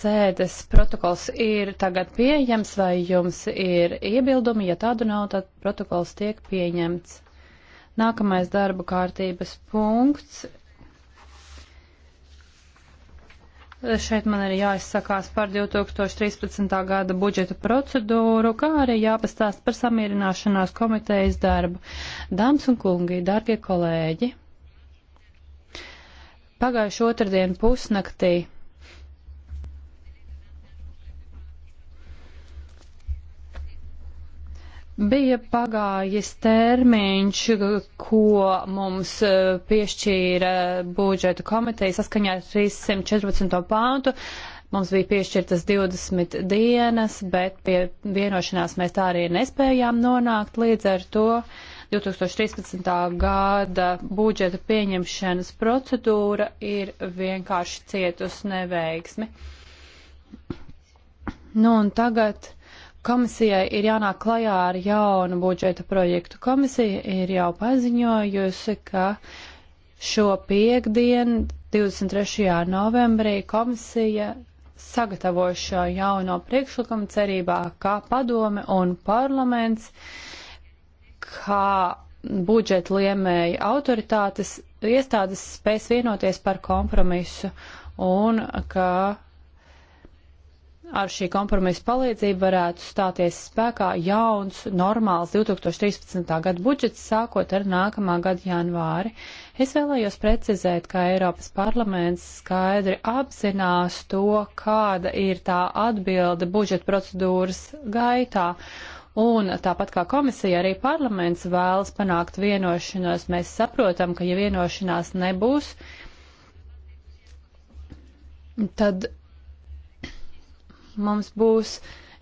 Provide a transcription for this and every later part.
sēdes protokols ir tagad pieejams vai jums ir iebildumi? Ja tādu nav, tad protokols tiek pieņemts. Nākamais darba kārtības punkts. Šeit man ir jāizsakās par 2013. gada budžeta procedūru, kā arī jāpastāst par samierināšanās komitejas darbu. Dāmas un kungi, darbie kolēģi! Pagājušo otrdienu pusnaktī bija pagājis termiņš, ko mums eh, piešķīra budžeta komiteja saskaņā ar 314. pāntu. Mums bija piešķirtas 20 dienas, bet pie vienošanās mēs tā arī nespējām nonākt. Līdz ar to 2013. gada budžeta pieņemšanas procedūra ir vienkārši cietusi neveiksmi. Nu un tagad Komisijai ir jānāk klajā ar jaunu budžeta projektu. Komisija ir jau paziņojusi, ka šo piekdienu, 23. novembrī, komisija sagatavo šo jauno priekšlikumu cerībā, kā padome un parlaments, kā budžeta liemēja autoritātes iestādes spēs vienoties par kompromisu un ka ar šī kompromisa palīdzību varētu stāties spēkā jauns, normāls 2013. gada budžets sākot ar nākamā gada janvāri. Es vēlējos precizēt, ka Eiropas parlaments skaidri apzinās to, kāda ir tā atbilde budžeta procedūras gaitā. Un tāpat kā komisija, arī parlaments vēlas panākt vienošanos. Mēs saprotam, ka ja vienošanās nebūs, tad mums būs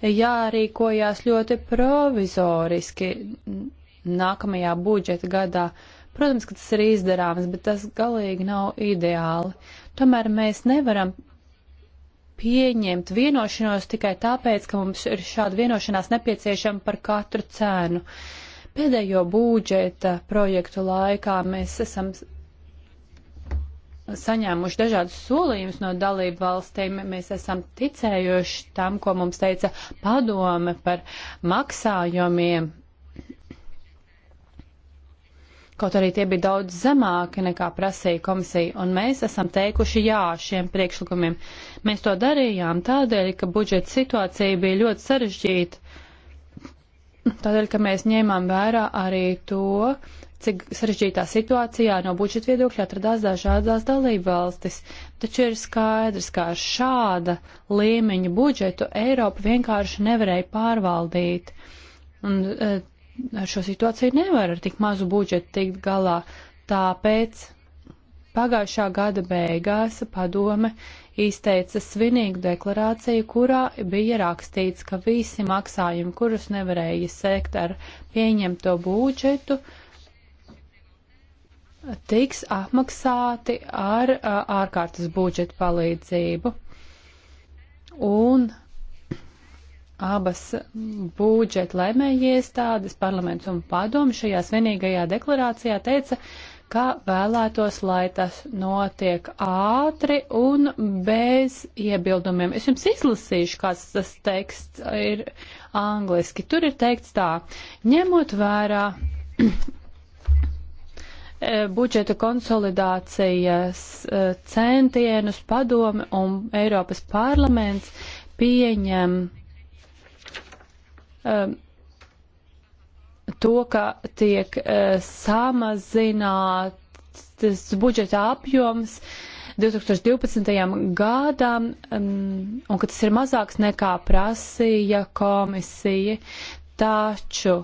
jārīkojās ļoti provizoriski nākamajā budžeta gadā. Protams, ka tas ir izdarāms, bet tas galīgi nav ideāli. Tomēr mēs nevaram pieņemt vienošanos tikai tāpēc, ka mums ir šāda vienošanās nepieciešama par katru cenu. Pēdējo budžeta projektu laikā mēs esam saņēmuši dažādus solījumus no dalību valstīm. Mēs esam ticējuši tam, ko mums teica padome par maksājumiem. Kaut arī tie bija daudz zemāki nekā prasīja komisija, un mēs esam teikuši jā šiem priekšlikumiem. Mēs to darījām tādēļ, ka budžeta situācija bija ļoti sarežģīta. Tādēļ, ka mēs ņēmām vērā arī to, cik sarežģītā situācijā no budžeta viedokļa atradās dažādās dalībvalstis. Taču ir skaidrs, ka ar šāda līmeņa budžetu Eiropa vienkārši nevarēja pārvaldīt. Un e, ar šo situāciju nevar ar tik mazu budžetu tikt galā. Tāpēc pagājušā gada beigās padome izteica svinīgu deklarāciju, kurā bija rakstīts, ka visi maksājumi, kurus nevarēja sekt ar pieņemto budžetu, uh, tiks apmaksāti ar ārkārtas budžeta palīdzību. Un abas budžeta lēmēja iestādes, parlaments un padomu šajā svinīgajā deklarācijā teica, ka vēlētos, lai tas notiek ātri un bez iebildumiem. Es jums izlasīšu, kāds tas teksts ir angliski. Tur ir teikts tā, ņemot vērā E, budžeta konsolidācijas e, centienus padomi un Eiropas parlaments pieņem um, to, ka tiek uh, samazināts budžeta apjoms 2012. gadam, um, un ka tas ir mazāks nekā prasīja komisija. Taču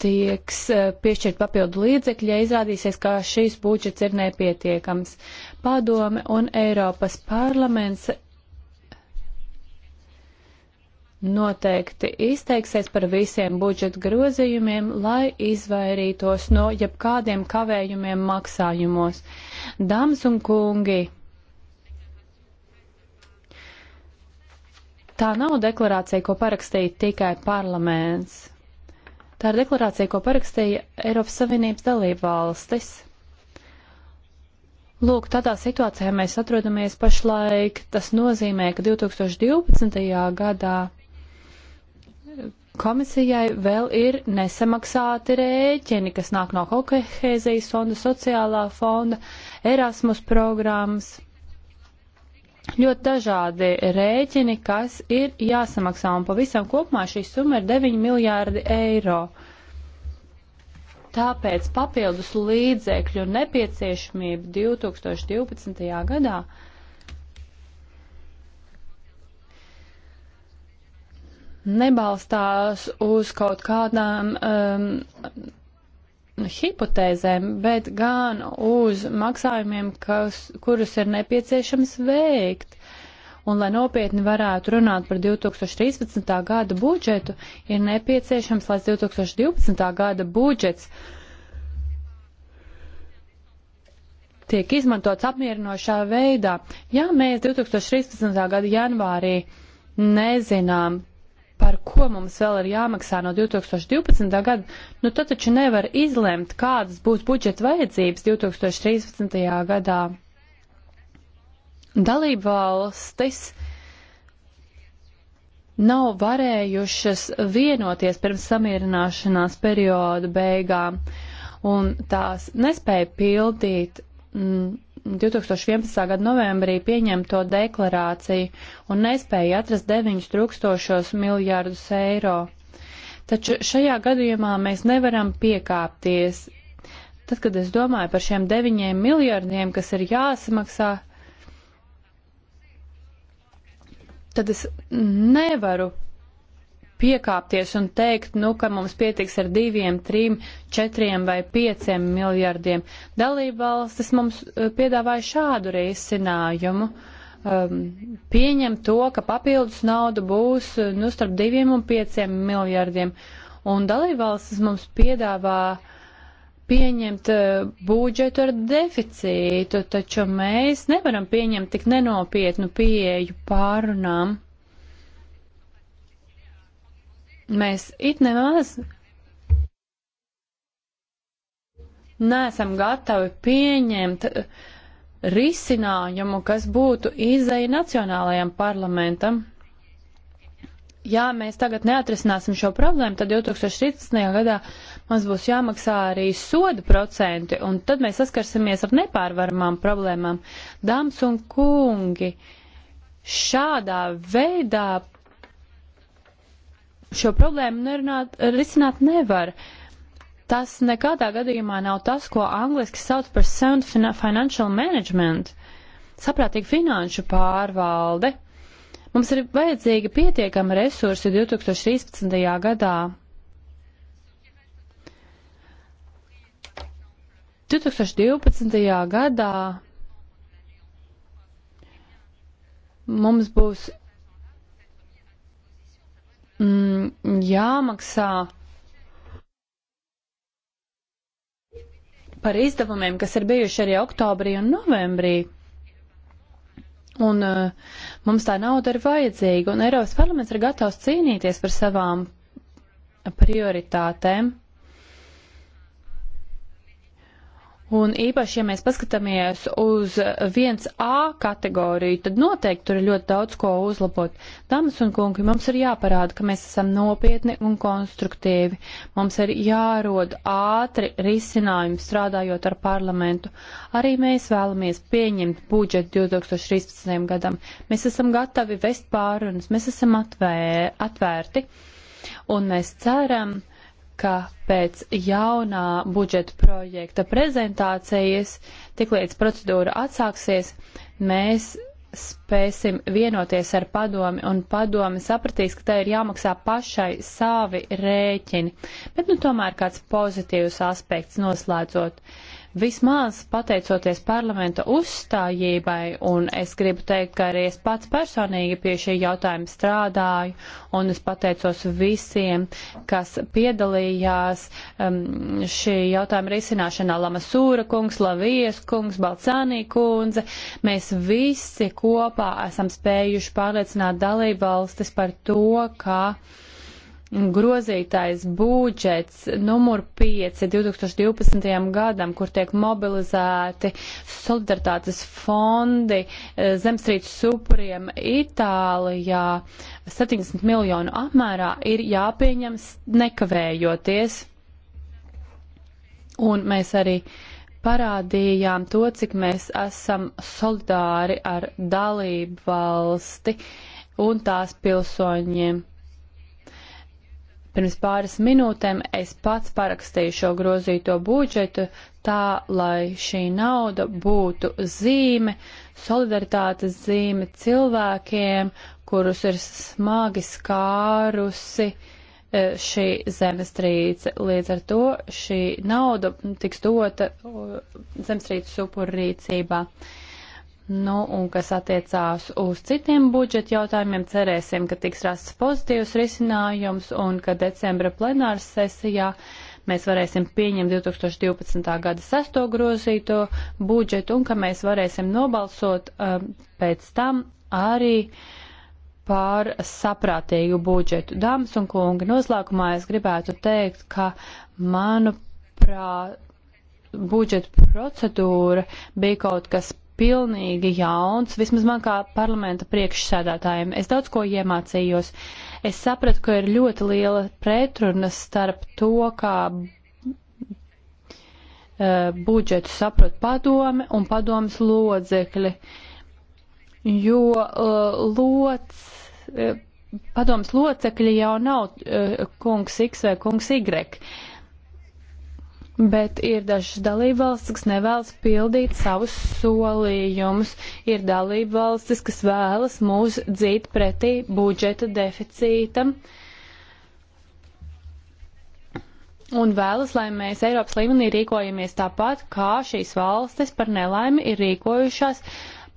tieks eh, piešķirt papildu līdzekļi, ja izrādīsies, ka šīs budžets ir nepietiekams. Padome un Eiropas parlaments noteikti izteiksies par visiem budžeta grozījumiem, lai izvairītos no jebkādiem kavējumiem maksājumos. Dāmas un kungi, tā nav deklarācija, ko parakstīja tikai parlaments. Tā ir deklarācija, ko parakstīja Eiropas Savienības dalību valstis. Lūk, tādā situācijā mēs atrodamies pašlaik. Tas nozīmē, ka 2012. gadā komisijai vēl ir nesamaksāti rēķini, kas nāk no Kokehēzijas fonda, sociālā fonda, Erasmus programmas ļoti dažādi rēķini, kas ir jāsamaksā, un pavisam kopumā šī summa ir 9 miljārdi eiro. Tāpēc papildus līdzekļu nepieciešamība 2012. gadā nebalstās uz kaut kādām um, hipotēzēm, bet gan uz maksājumiem, kas, kurus ir nepieciešams veikt. Un, lai nopietni varētu runāt par 2013. gada budžetu, ir nepieciešams, lai 2012. gada budžets tiek izmantots apmierinošā veidā. Ja mēs 2013. gada janvārī nezinām, par ko mums vēl ir jāmaksā no 2012. gada, nu tad taču nevar izlemt, kādas būs budžeta vajadzības 2013. gadā. Dalībvalstis nav varējušas vienoties pirms samierināšanās perioda beigām, un tās nespēja pildīt mm, 2011. gada novembrī pieņemto deklarāciju un nespēja atrast 9000 miljārdus eiro. Taču šajā gadījumā mēs nevaram piekāpties. Tad, kad es domāju par šiem 9 miljardiem, kas ir jāsamaksā, tad es nevaru piekāpties un teikt, nu, ka mums pietiks ar diviem, trim, četriem vai pieciem miljardiem. Dalībvalstis mums eh, piedāvāja šādu risinājumu. Um, pieņem to, ka papildus nauda būs eh, nu, starp diviem un pieciem miljardiem. Un dalībvalstis mums piedāvā pieņemt uh, budžetu ar deficītu, taču mēs nevaram pieņemt tik nenopietnu pieeju pārunām. Mēs it nemaz neesam gatavi pieņemt risinājumu, kas būtu izēja nacionālajam parlamentam. Ja mēs tagad neatrisināsim šo problēmu, tad 2013. gadā mums būs jāmaksā arī soda procenti, un tad mēs saskarsimies ar nepārvaramām problēmām. Dāmas un kungi, šādā veidā šo problēmu nerunāt, risināt nevar. Tas nekādā gadījumā nav tas, ko angliski sauc par sound financial management, saprātīga finanšu pārvalde. Mums ir vajadzīga pietiekama resursi 2013. gadā. 2012. gadā mums būs mm, jāmaksā par izdevumiem, kas ir bijuši arī oktobrī un novembrī. Un uh, mums tā nauda ir vajadzīga, un Eiropas parlaments ir gatavs cīnīties par savām prioritātēm. Un īpaši, ja mēs paskatāmies uz 1A kategoriju, tad noteikti tur ir ļoti daudz ko uzlabot. Dāmas un kungi, mums ir jāparāda, ka mēs esam nopietni un konstruktīvi. Mums ir jārod ātri risinājumi strādājot ar parlamentu. Arī mēs vēlamies pieņemt budžetu 2013. gadam. Mēs esam gatavi vest pārunas, mēs esam atvē, atvērti. Un mēs ceram, ka pēc jaunā budžeta projekta prezentācijas, tiklīdz procedūra atsāksies, mēs spēsim vienoties ar padomi, un padomi sapratīs, ka tai ir jāmaksā pašai savi rēķini. Bet, nu, tomēr kāds pozitīvs aspekts noslēdzot. Uh, Vismaz pateicoties parlamenta uzstājībai, un es gribu teikt, ka arī es pats personīgi pie šī jautājuma strādāju, un es pateicos visiem, kas piedalījās um, šī jautājuma risināšanā - Lamasūra kungs, Lavijas kungs, Balcānī kundze. Mēs visi kopā esam spējuši pārliecināt dalībvalstis par to, ka uh, grozītais būdžets numur 5 2012. gadam, kur tiek mobilizēti solidaritātes fondi e, zemstrīdus supriem Itālijā 70 miljonu apmērā, ir jāpieņem nekavējoties. Un mēs arī parādījām to, cik mēs esam solidāri ar dalību valsti un tās pilsoņiem. Pirms pāris minūtēm es pats parakstīju šo grozīto budžetu tā, lai šī nauda būtu zīme, solidaritātes zīme cilvēkiem, kurus ir smagi skārusi e, šī zemestrīce. Līdz ar to šī nauda tiks dota zemestrīces upurrīcībā. rīcībā. Nu, un kas attiecās uz citiem budžeta jautājumiem, cerēsim, ka tiks rasts pozitīvs risinājums un ka decembra plenāras sesijā mēs varēsim pieņemt 2012. gada sesto grozīto budžetu un ka mēs varēsim nobalsot um, pēc tam arī par saprātīgu budžetu. Dāmas un kungi, noslēgumā es gribētu teikt, ka manuprāt, budžeta procedūra bija kaut kas pilnīgi jauns, vismaz man kā parlamenta priekšsēdētājiem. Es daudz ko iemācījos. Es sapratu, ka ir ļoti liela pretruna starp to, kā eh, budžetu saprot padome un padomas lodzekļi, jo eh, loc, eh, padomas locekļi jau nav kungs X vai kungs Y. Bet ir dažas dalībvalstis, kas nevēlas pildīt savus solījumus. Ir dalībvalstis, kas vēlas mūs dzīt pretī budžeta deficītam. Un vēlas, lai mēs Eiropas līmenī rīkojamies tāpat, kā šīs valstis par nelaimi ir rīkojušās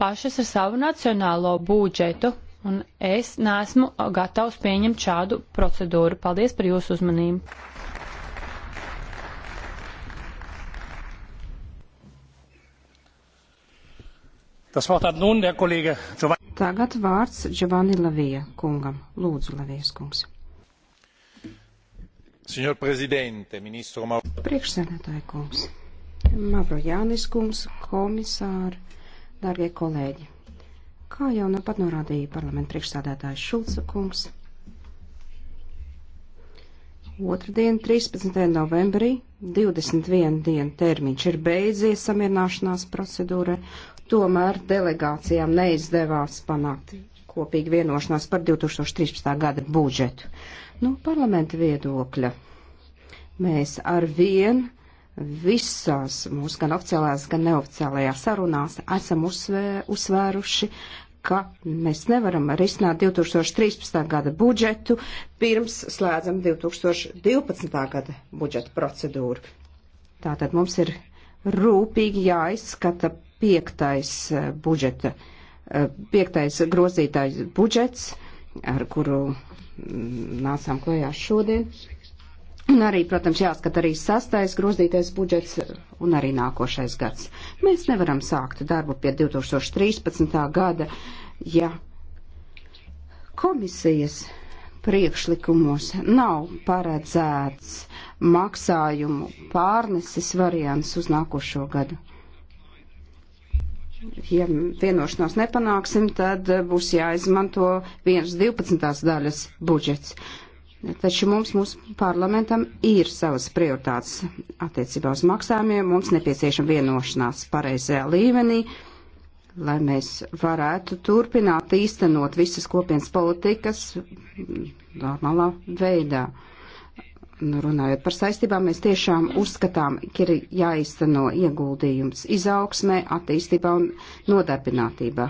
pašas ar savu nacionālo budžetu. Un es neesmu gatavs pieņemt šādu procedūru. Paldies par jūsu uzmanību! Tagad vārds Giovanni Lavija kungam. Lūdzu, Lavijas kungs. Mav... Priekšsēdētāja kungs, Mavro Jānis kungs, komisāri, dārgie kolēģi. Kā jau nepat nu norādīja parlamenta priekšsēdētājs Šulca kungs, Otradien, 13. novembrī, 21 dienu termiņš ir beidzies samierināšanās procedūrai, tomēr delegācijām neizdevās panākt kopīgi vienošanās par 2013. gada budžetu. No nu, parlamenta viedokļa mēs ar vien visās mūsu gan oficiālajās, gan neoficiālajās sarunās esam uzsvē, uzsvēruši, ka mēs nevaram risināt 2013. gada budžetu pirms slēdzam 2012. gada budžeta procedūru. Tātad mums ir rūpīgi jāizskata piektais eh, budžeta, eh, piektais grozītājs budžets, ar kuru mm, nācām klajā šodien. Un arī, protams, jāskat arī sastais grozītais budžets un arī nākošais gads. Mēs nevaram sākt darbu pie 2013. gada, ja komisijas priekšlikumos nav paredzēts maksājumu pārneses variants uz nākošo gadu ja vienošanos nepanāksim, tad būs jāizmanto 1,12 daļas budžets. Taču mums, mūsu parlamentam, ir savas prioritātes attiecībā uz maksājumiem. Mums nepieciešama vienošanās pareizajā līmenī, lai mēs varētu turpināt īstenot visas kopienas politikas normālā veidā. Nu, runājot par saistībām, mēs tiešām uzskatām, ka ir jāizteno ieguldījums izaugsmē, attīstībā un nodarbinātībā.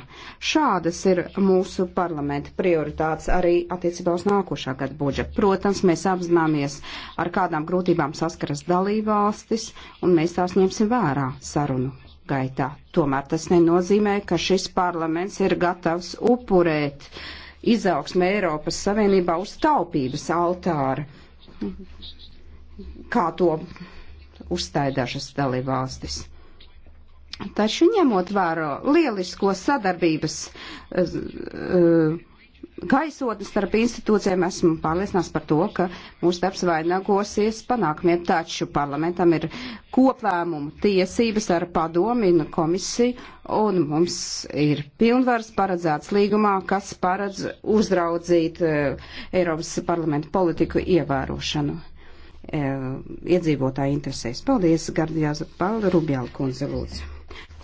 Šādas ir mūsu parlamenta prioritātes arī attiecībā uz nākošā gada budžetu. Protams, mēs apzināmies, ar kādām grūtībām saskaras dalībvalstis, un mēs tās ņemsim vērā sarunu gaitā. Tomēr tas nenozīmē, ka šis parlaments ir gatavs upurēt izaugsmē Eiropas Savienībā uz taupības altāra kā to uzstāja dažas dalībvalstis. Taču ņemot vērā lielisko sadarbības uh, uh, gaisotni starp institūcijiem esmu pārliecināts par to, ka mūsu darbs vainagosies panākumiem, taču parlamentam ir koplēmumu tiesības ar padomi un komisiju, un mums ir pilnvars paredzēts līgumā, kas paredz uzraudzīt uh, Eiropas parlamenta politiku ievērošanu uh, iedzīvotāju interesēs. Paldies, Gardijās Palda Rubjāla kundze, lūdzu.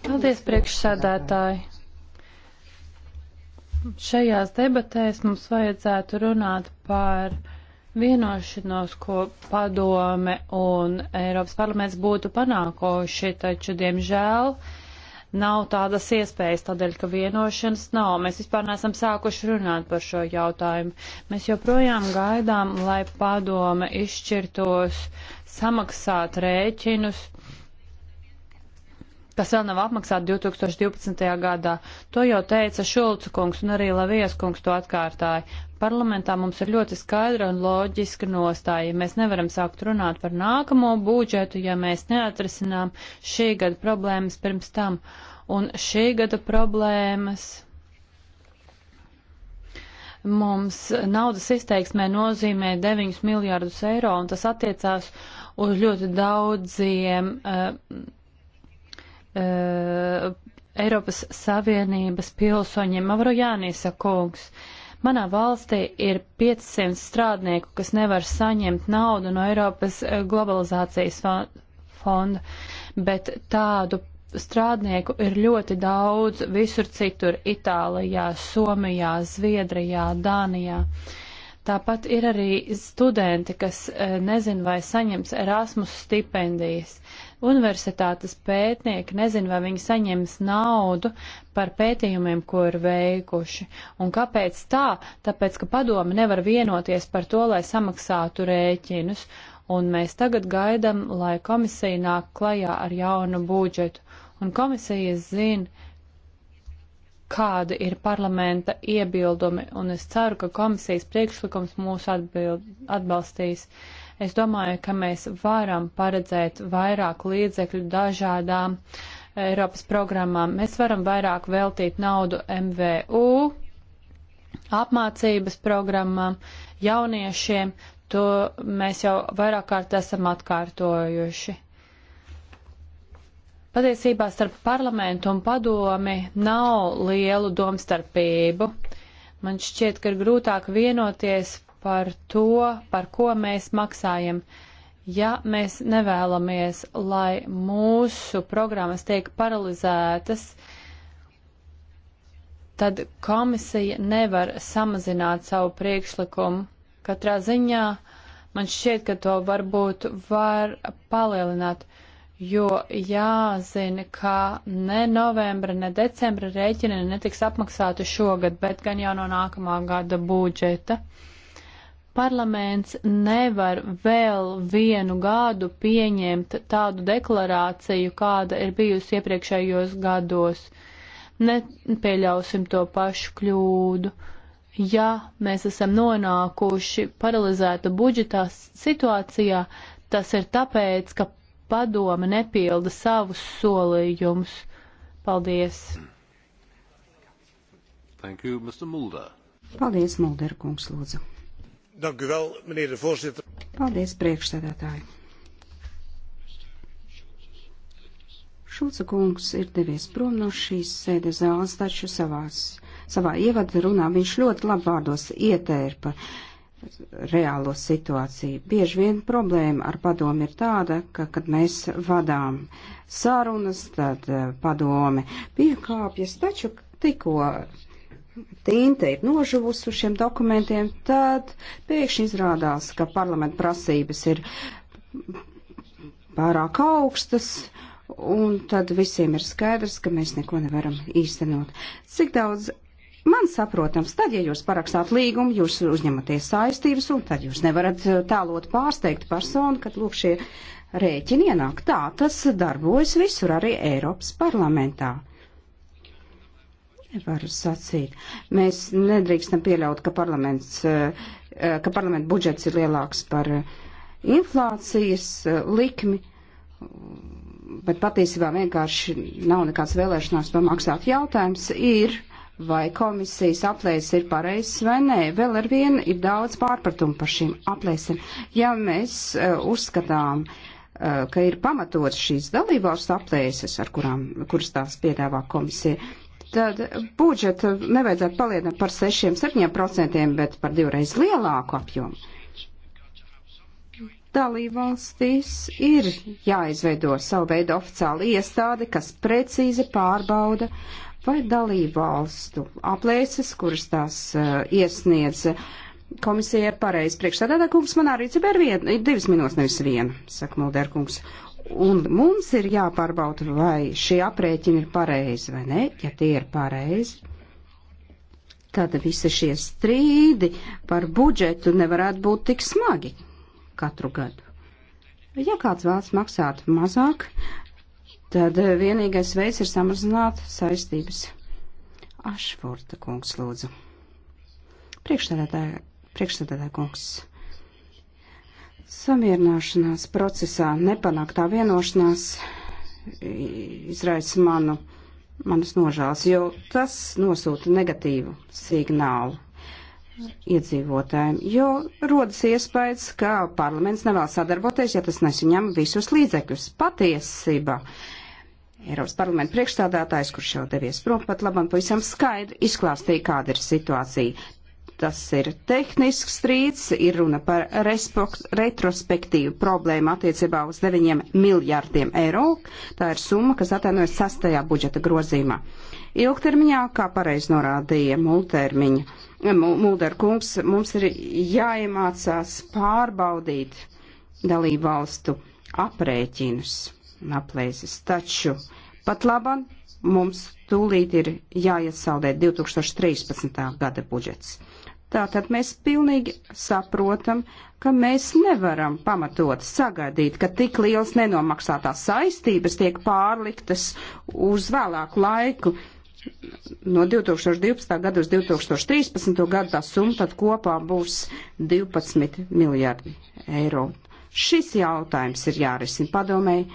Paldies, priekšsēdētāji šajās debatēs mums vajadzētu runāt par vienošanos, ko padome un Eiropas parlaments būtu panākoši, taču, diemžēl, nav tādas iespējas, tādēļ, ka vienošanas nav. Mēs vispār neesam sākuši runāt par šo jautājumu. Mēs joprojām gaidām, lai padome izšķirtos samaksāt rēķinus kas vēl nav apmaksāti 2012. gadā. To jau teica Šulca kungs un arī Lavijas kungs to atkārtāja. Parlamentā mums ir ļoti skaidra un loģiska nostāja. Mēs nevaram sākt runāt par nākamo budžetu, ja mēs neatrisinām šī gada problēmas pirms tam. Un šī gada problēmas mums naudas izteiksmē nozīmē 9 miljārdus eiro, un tas attiecās uz ļoti daudziem uh, uh, Eiropas Savienības pilsoņiem. Mavrojānīsa kungs, manā valstī ir 500 strādnieku, kas nevar saņemt naudu no Eiropas eh, globalizācijas fonda, bet tādu strādnieku ir ļoti daudz visur citur - Itālijā, Somijā, Zviedrijā, Dānijā. Tāpat ir arī studenti, kas eh, nezin vai saņems Erasmus stipendijas. Universitātes pētnieki nezin, vai viņi saņems naudu par pētījumiem, ko ir veikuši. Un kāpēc tā? Tāpēc, ka padomi nevar vienoties par to, lai samaksātu rēķinus. Un mēs tagad gaidam, lai komisija nāk klajā ar jaunu budžetu. Un komisija zina, kādi ir parlamenta iebildumi, un es ceru, ka komisijas priekšlikums mūs atbild, atbalstīs. Uh, Es domāju, ka mēs varam paredzēt vairāk līdzekļu dažādām Eiropas programmām. Mēs varam vairāk veltīt naudu MVU, apmācības programmām, jauniešiem. To mēs jau vairāk kārt esam atkārtojuši. Patiesībā starp parlamentu un padomi nav lielu domstarpību. Man šķiet, ka ir grūtāk vienoties par to, par ko mēs maksājam. Ja mēs nevēlamies, lai mūsu programmas tiek paralizētas, tad komisija nevar samazināt savu priekšlikumu. Katrā ziņā man šķiet, ka to varbūt var palielināt, jo jāzina, ka ne novembra, ne decembra rēķini netiks apmaksāti šogad, bet gan jau no nākamā gada budžeta. Uh, Parlaments nevar vēl vienu gadu pieņemt tādu deklarāciju, kāda ir bijusi iepriekšējos gados. Nepieļausim to pašu kļūdu. Ja mēs esam nonākuši paralizēta budžetā situācijā, tas ir tāpēc, ka padome nepilda savus solījumus. Paldies! Thank you, Mr. Mulder. Paldies, Mulder kungs, lūdzu. Dank u wel, meneer de voorzitter. Paldies, priekšsēdētāji. Šulca kungs ir devies prom no šīs sēdes zāles, taču savās, savā ievada runā viņš ļoti labi vārdos ietērpa reālo situāciju. Bieži vien problēma ar padomu ir tāda, ka, kad mēs vadām sarunas, tad eh, padome piekāpjas, taču tikko tinte ir nožuvusi uz šiem dokumentiem, tad pēkšņi izrādās, ka parlamenta prasības ir pārāk augstas, un tad visiem ir skaidrs, ka mēs neko nevaram īstenot. Cik daudz man saprotams, tad, ja jūs parakstāt līgumu, jūs uzņematies saistības, un tad jūs nevarat eh, tālot pārsteigt personu, kad lūk šie rēķini ienāk. Tā tas darbojas visur, arī Eiropas parlamentā varu sacīt. Mēs nedrīkstam pieļaut, ka parlaments, eh, ka parlamenta budžets ir lielāks par eh, inflācijas eh, likmi bet patiesībā vienkārši nav nekāds vēlēšanās pamaksāt. Jautājums ir, vai komisijas aplēses ir pareizas vai nē. Vēl ar vienu ir daudz pārpratumu par šīm aplēsēm. Ja mēs uh, uzskatām, uh, ka ir pamatots šīs dalībvalstu aplēses, ar kurām, kuras tās piedāvā komisija, tad budžetu nevajadzētu palielināt par 6-7%, bet par divreiz lielāku apjomu. Dalībvalstīs ir jāizveido savu veidu oficiāla iestāde, kas precīzi pārbauda, vai dalībvalstu aplēses, kuras tās uh, iesniedz komisija ir pareizi. Priekšstādā kungs manā rīcībā ir, vien, ir divas minūtes, nevis viena, saka Mulder kungs. Un mums ir jāpārbauda, vai šie aprēķini ir pareizi vai ne. Ja tie ir pareizi, tad visi šie strīdi par budžetu nevarētu būt tik smagi katru gadu. Ja kāds vēlas maksāt mazāk, tad vienīgais veids ir samazināt saistības. Ašforta kungs lūdzu. Priekšstādātāja kungs. Samierināšanās procesā nepanāktā vienošanās izraisa manu, manas nožēlas, jo tas nosūta negatīvu signālu iedzīvotājiem, jo rodas iespējas, ka parlaments nevēl sadarboties, ja tas nesaņem visus līdzekļus. Patiesība. Eiropas parlamenta priekšstādātājs, kurš jau devies prom pat labam, pavisam skaidri izklāstīja, kāda ir situācija. Tas ir tehnisks strīds, ir runa par retrospektīvu problēmu attiecībā uz 9 miljārdiem eiro. Tā ir summa, kas atainojas sastajā budžeta grozīmā. Ilgtermiņā, kā pareiz norādīja multermiņa, Mulder kungs, mums ir jāiemācās pārbaudīt dalību valstu aprēķinus un aplēses. Taču pat labam mums tūlīt ir jāiesaldē 2013. gada budžets. Tātad mēs pilnīgi saprotam, ka mēs nevaram pamatot sagaidīt, ka tik liels nenomaksātās saistības tiek pārliktas uz vēlāku laiku. No 2012. gada uz 2013. gadu tā summa tad kopā būs 12 miljardi eiro. Šis jautājums ir jārisina padomēji,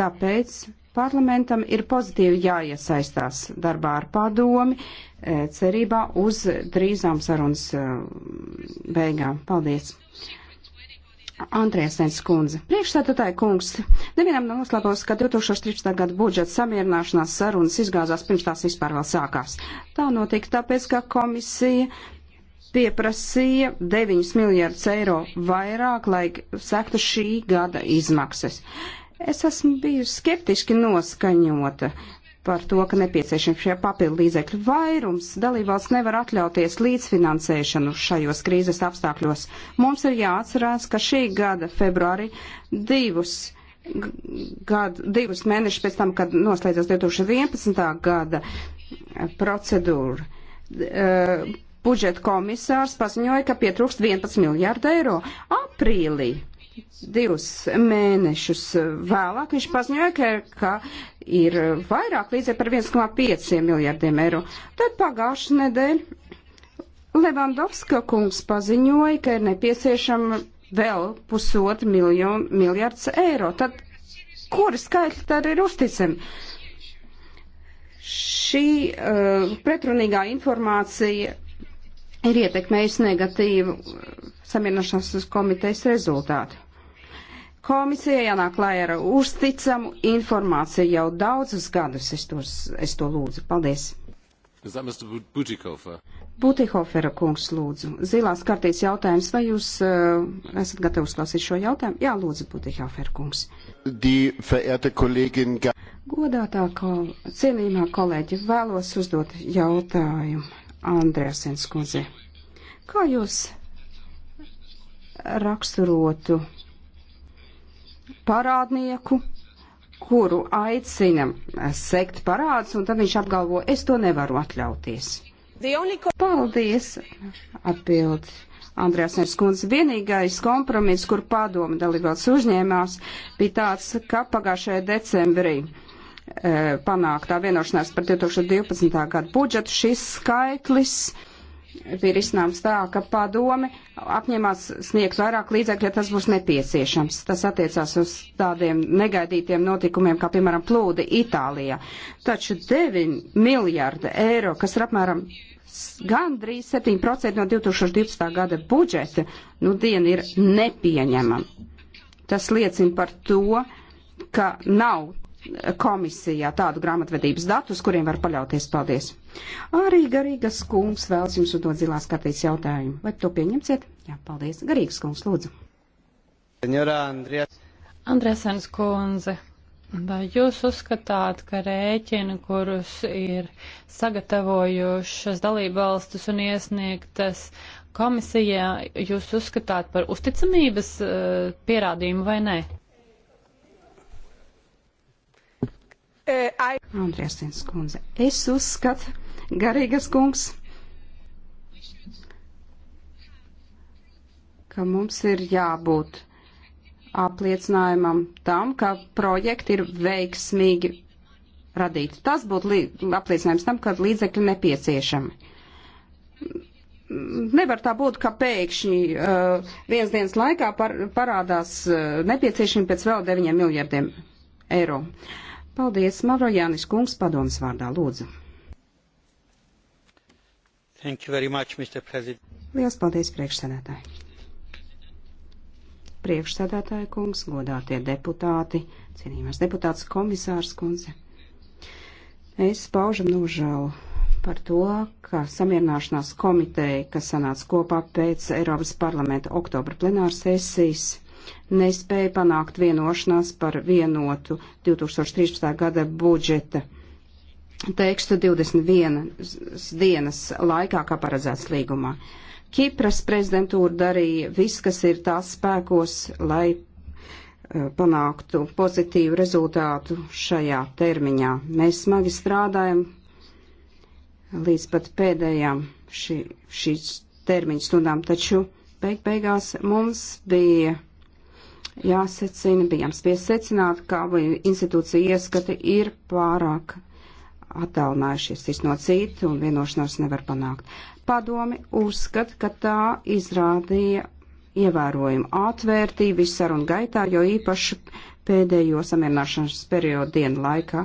tāpēc Parlamentam ir pozitīvi jāiesaistās darbā ar padomi, eh, cerībā uz drīzām sarunas eh, beigām. Paldies! Andrēsens kundze. Priekšstādātāja kungs, nevienam nav noslēpos, ka 2013. gada budžeta samierināšanās sarunas izgāzās pirms tās vispār vēl sākās. Tā notika tāpēc, ka komisija pieprasīja 9 miljārdus eiro vairāk, lai sektu šī gada izmaksas. Uh, Es esmu bijusi skeptiski noskaņota par to, ka nepieciešams šie papildu līdzekļu vairums. Dalībvalsts nevar atļauties līdzfinansēšanu šajos krīzes apstākļos. Mums ir jāatcerās, ka šī gada februārī divus gadu, divus mēnešus pēc tam, kad noslēdzas 2011. gada procedūra. E, budžeta komisārs paziņoja, ka pietrūkst 11 miljārdu eiro aprīlī divus mēnešus vēlāk viņš paziņoja, ka, ka ir vairāk līdzekļu par 1,5 miljardiem eiro. Tad pagājušajā nedēļā Levandovska kungs paziņoja, ka ir nepieciešama vēl pusotru miljonu miljards eiro. Tad kuri skaitļi tad ir uzticami? Šī uh, pretrunīgā informācija ir ietekmējusi negatīvu samierināšanās komitejas rezultātu. Komisija jānāk klāj ar uzticamu informāciju jau daudzus gadus. Es, tos, es to lūdzu. Paldies. Butikofera kungs lūdzu. Zilās kartīs jautājums. Vai jūs uh, esat gatavi uzklausīt šo jautājumu? Jā, lūdzu, Butikofera kungs. Kolēģin... Godātā kol cienījumā kolēģi vēlos uzdot jautājumu Andrēsens kundzei. Kā jūs raksturotu? parādnieku, kuru aicinam sekt parādus, un tad viņš apgalvo, es to nevaru atļauties. Paldies, atbild Andrēs Nerskundze. Vienīgais kompromiss, kur padomu dalībvalsts uzņēmās, bija tāds, ka pagājušajā decembrī eh, panāktā vienošanās par 2012. gadu budžetu šis skaitlis bija risināms tā, ka padome apņemās sniegt vairāk līdzekļu, ja tas būs nepieciešams. Tas attiecās uz tādiem negaidītiem notikumiem, kā piemēram plūdi Itālijā. Taču 9 miljārdi eiro, kas ir apmēram gandrīz 7% no 2012. gada budžeta, nu diena ir nepieņemama. Tas liecina par to, ka nav komisijā tādu grāmatvedības datus, kuriem var paļauties. Paldies! Arī Garīgas kungs vēlas jums uzdot zilās kartītes jautājumu. Vai to pieņemsiet? Jā, paldies. Garīgas kungs, lūdzu. Andresens kundze, vai jūs uzskatāt, ka rēķini, kurus ir sagatavojušas dalībvalstis un iesniegtas komisijā, jūs uzskatāt par uzticamības uh, pierādījumu vai nē? Uh, I... Andriesins kundze, es uzskatu, garīgas kungs, ka mums ir jābūt apliecinājumam tam, ka projekti ir veiksmīgi radīti. Tas būtu apliecinājums tam, ka līdzekļi nepieciešami. Nevar tā būt, ka pēkšņi uh, viens dienas laikā par, parādās uh, nepieciešami pēc vēl 9 miljardiem eiro. Uh, Paldies, Maro Jānis Kungs, padomas vārdā, lūdzu. Much, Lielas paldies, priekšsēdētāji. Priekšsēdētāja kungs, godātie deputāti, cienījumās deputāts komisārs kundze. Es paužu nožēlu par to, ka samierināšanās komiteja, kas sanāca kopā pēc Eiropas parlamenta oktobra plenāras sesijas, nespēja panākt vienošanās par vienotu 2013. gada budžeta tekstu 21 dienas laikā, kā paredzēts līgumā. Kipras prezidentūra darīja viss, kas ir tās spēkos, lai e, panāktu pozitīvu rezultātu šajā termiņā. Mēs smagi strādājam līdz pat pēdējām šī, šīs termiņa stundām, taču beig beigās mums bija jāsecina, bijām spiest secināt, ka institūcija ieskati ir pārāk attālinājušies no citu un vienošanos nevar panākt. Padomi uzskat, ka tā izrādīja ievērojumu atvērtību visarunu gaitā, jo īpaši pēdējo samierināšanas periodu dienu laikā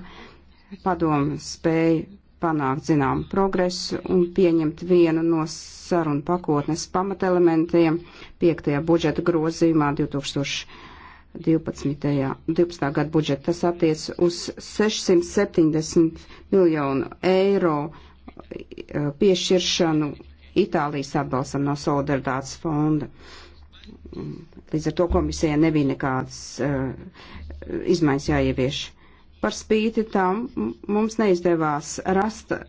padomu spēja panākt zinām progresu un pieņemt vienu no sarunu pakotnes pamatelementiem 5. budžeta grozījumā 2012. 12. gada budžeta. Tas attiec uz 670 miljonu eiro e, piešķiršanu Itālijas atbalstam no solidaritātes fonda. Līdz ar to komisijai nebija nekādas uh, izmaiņas jāievieš. Par spīti tam mums neizdevās rast uh,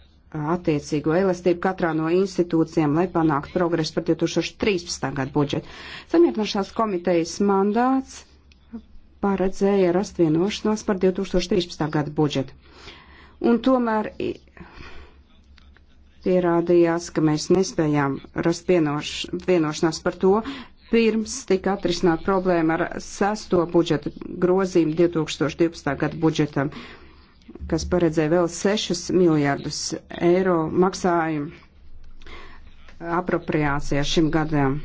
attiecīgo elastību katrā no institūcijām, lai panāktu progresu par 2013. gadu budžetu. Samierināšanās komitejas mandāts paredzēja rast vienošanos par 2013. gadu budžetu. Un tomēr pierādījās, ka mēs nespējām rast vienoš, vienošanās par to, pirms tika atrisināt problēma ar sesto budžeta grozījumu 2012. gada budžetam, kas paredzēja vēl 6 miljārdus eiro maksājumu apropriācijā šim gadam.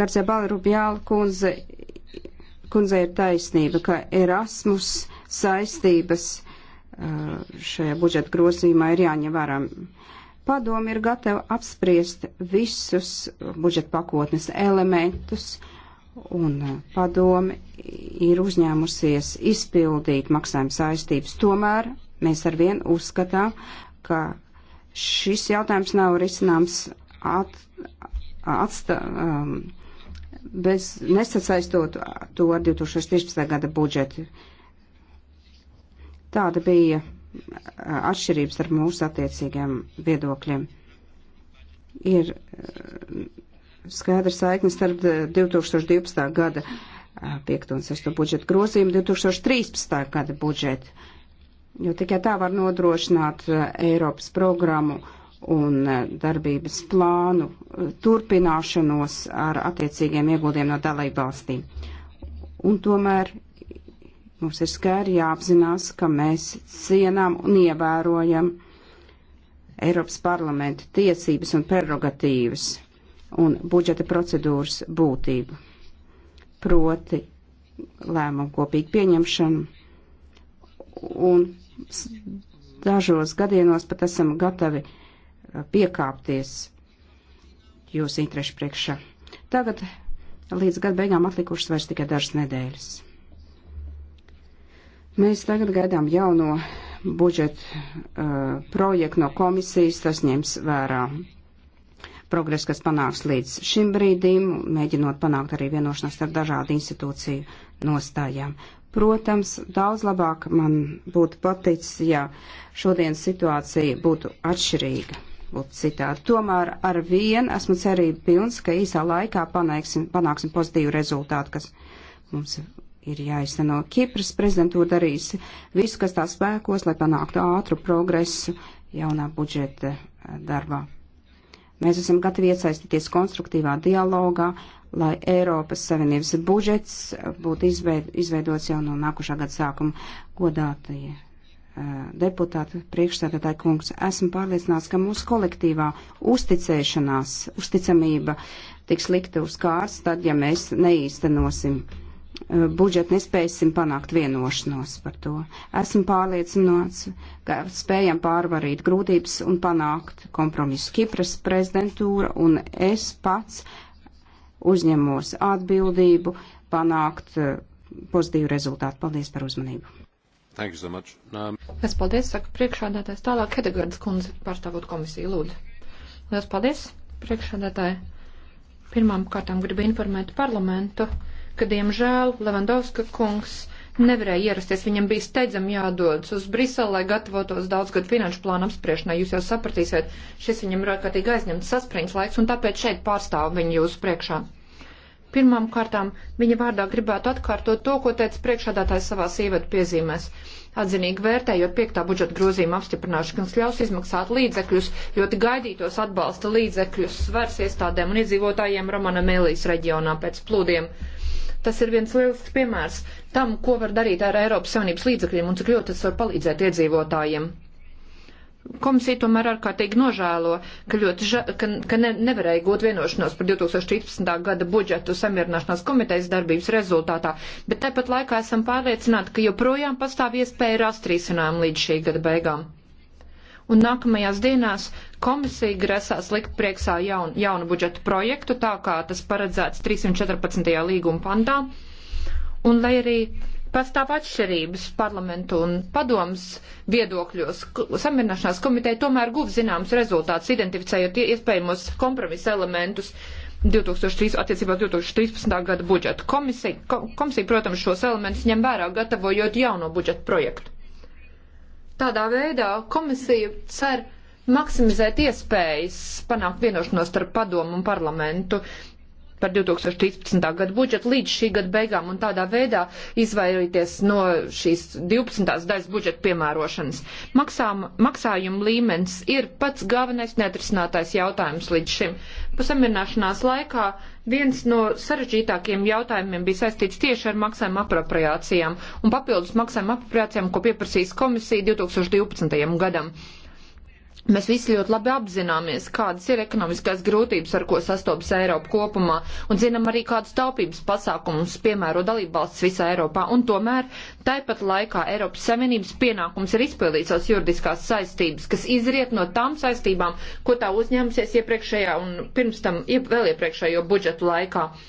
Garcija Balerubjāla kundze, kundze ir taisnība, ka Erasmus saistības uh, šajā budžeta grozījumā ir jāņem varam. Uh, Padomi ir gatava apspriest visus budžeta pakotnes elementus, un padomi ir uzņēmusies izpildīt maksājuma saistības. Tomēr mēs arvien uzskatām, ka šis jautājums nav risināms at, atsta, um, bez nesasaistot to ar 2013. gada budžetu. Tāda bija atšķirības ar mūsu attiecīgiem viedokļiem. Ir eh, skaidra saikne starp 2012. gada 5. Eh, un 6. budžeta grozījumu 2013. gada budžetu, jo tikai tā var nodrošināt eh, Eiropas programmu un darbības plānu turpināšanos ar attiecīgiem ieguldiem no dalībvalstīm. Un tomēr Mums ir skaidri jāapzinās, ka mēs cienām un ievērojam Eiropas parlamenta tiesības un prerogatīvas un budžeta procedūras būtību, proti lēmumu kopīgi pieņemšanu. Un dažos gadienos pat esam gatavi uh, piekāpties jūsu interešu priekšā. Tagad līdz gada beigām atlikušas vairs tikai dažas nedēļas. Mēs tagad gaidām jauno budžetu uh, projektu no komisijas, tas ņems vērā progresu, kas panāks līdz šim brīdim, mēģinot panākt arī vienošanos ar dažādu institūciju nostājām. Protams, daudz labāk man būtu paticis, ja šodien situācija būtu atšķirīga, būtu citādi. Tomēr ar vienu esmu cerību pilns, ka īsā laikā panāksim, panāksim pozitīvu rezultātu, kas mums ir jāizteno. Kipras prezidentūra darīs visu, kas tā spēkos, lai panāktu ātru progresu jaunā budžeta eh, darbā. Mēs esam gatavi iesaistīties konstruktīvā dialogā, lai Eiropas Savienības budžets eh, būtu izveid, izveidots jau no nākušā gada sākuma godātajie eh, deputāti, priekšstādātāji kungs, esmu pārliecināts, ka mūsu kolektīvā uzticēšanās, uzticamība tiks likta uz kārts, tad, ja mēs neīstenosim Uh, budžetu nespēsim panākt vienošanos par to. Esmu pārliecināts, ka spējam pārvarīt grūtības un panākt kompromisu. Kipras prezidentūra un es pats uzņemos atbildību panākt uh, pozitīvu rezultātu. Paldies par uzmanību. Thank you so much. Um... No. Es paldies, saka priekšādātājs. Tālāk Hedegardas kundze pārstāvot komisiju lūdzu. Lielas paldies, priekšādātāji. Pirmām kārtām gribu informēt parlamentu ka, diemžēl, Levandovska kungs nevarēja ierasties. Viņam bija steidzami jādodas uz Briselu, lai gatavotos daudzgad finanšu plānu apspriešanai. Jūs jau sapratīsiet, šis viņam ir ārkārtīgi aizņemts saspringts laiks, un tāpēc šeit pārstāv viņu jūs priekšā. Pirmām kārtām viņa vārdā gribētu atkārtot to, ko teica priekšādātājs savās ievadu piezīmēs. Atzinīgi vērtējot piektā budžeta grozījuma apstiprināšanu, kas ļaus izmaksāt līdzekļus, ļoti gaidītos atbalsta līdzekļus svars iestādēm un iedzīvotājiem Romana Mēlīs reģionā pēc plūdiem. Tas ir viens liels piemērs tam, ko var darīt ar Eiropas Savienības līdzekļiem un cik ļoti tas var palīdzēt iedzīvotājiem. Komisija tomēr ārkārtīgi nožēlo, ka, ļoti, ža, ka, ka ne, nevarēja gūt vienošanos par 2013. gada budžetu samierināšanās komitejas darbības rezultātā, bet tāpat laikā esam pārliecināti, ka joprojām pastāv iespēja rast risinājumu līdz šī gada beigām. Un nākamajās dienās Komisija grasās likt priekšā jaun, jaunu budžetu projektu, tā kā tas paredzēts 314. līguma pantā. Un lai arī pastāv atšķirības parlamentu un padomas viedokļos, samierināšanās komiteja tomēr guv zināms rezultāts, identificējot iespējamos kompromisa elementus. 2003, attiecībā 2013. gada budžetu. Komisija, komisija, protams, šos elementus ņem vērā, gatavojot jauno budžetu projektu. Tādā veidā komisija cer, maksimizēt iespējas panākt vienošanos starp padomu un parlamentu par 2013. gadu budžetu līdz šī gada beigām un tādā veidā izvairīties no šīs 12. daļas budžeta piemērošanas. Maksām, maksājuma līmenis ir pats galvenais neatrisinātais jautājums līdz šim. Pasamierināšanās laikā viens no sarežģītākiem jautājumiem bija saistīts tieši ar maksājuma apropriācijām un papildus maksājuma apropriācijām, ko pieprasīs komisija 2012. gadam. Mēs visi ļoti labi apzināmies, kādas ir ekonomiskās grūtības, ar ko sastopas Eiropa kopumā, un zinām arī, kādus taupības pasākumus piemēro dalībvalsts visā Eiropā. Un tomēr, tāpat laikā Eiropas Savienības pienākums ir izpildīt savas juridiskās saistības, kas izriet no tām saistībām, ko tā uzņēmusies iepriekšējā un pirms tam vēl iepriekšējo budžetu laikā. Uh,